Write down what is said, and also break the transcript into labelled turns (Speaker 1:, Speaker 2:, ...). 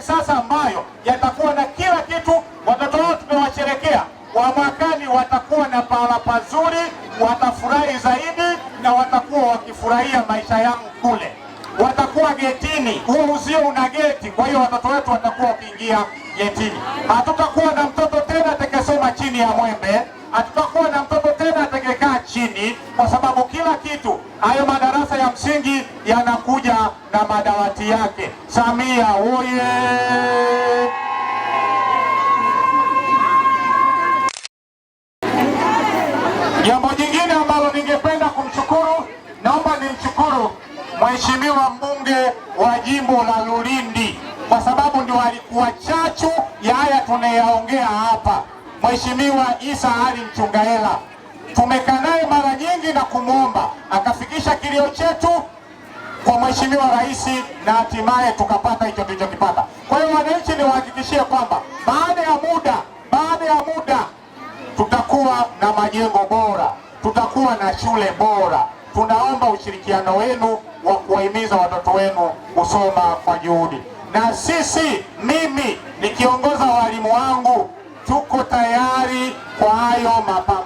Speaker 1: kisasa ambayo yatakuwa na kila kitu. Watoto wao tumewasherekea, wa mwakani watakuwa na pahala pazuri, watafurahi zaidi na watakuwa wakifurahia maisha yangu kule. Watakuwa getini, huu uzio una geti, kwa hiyo watoto wetu watakuwa wakiingia getini. Hatutakuwa na mtoto tena atakayesoma chini ya mwembe, hatutakuwa na chini, kwa sababu kila kitu, hayo madarasa ya msingi yanakuja na madawati yake. Samia oye! Jambo jingine ambalo ningependa kumshukuru, naomba nimshukuru Mheshimiwa mbunge wa jimbo la Lulindi kwa sababu ndio alikuwa chachu ya haya tunayaongea hapa, Mheshimiwa Isa Ali Mchungaela tumekaa naye kumwamini na kumwomba akafikisha kilio chetu kwa Mheshimiwa Rais na hatimaye tukapata hicho tulichokipata. Kwa hiyo wananchi, niwahakikishie kwamba baada ya muda, baada ya muda tutakuwa na majengo bora, tutakuwa na shule bora. Tunaomba ushirikiano wenu wa kuwahimiza watoto wenu kusoma kwa juhudi, na sisi, mimi nikiongoza walimu wangu, tuko tayari kwa hayo mapambano.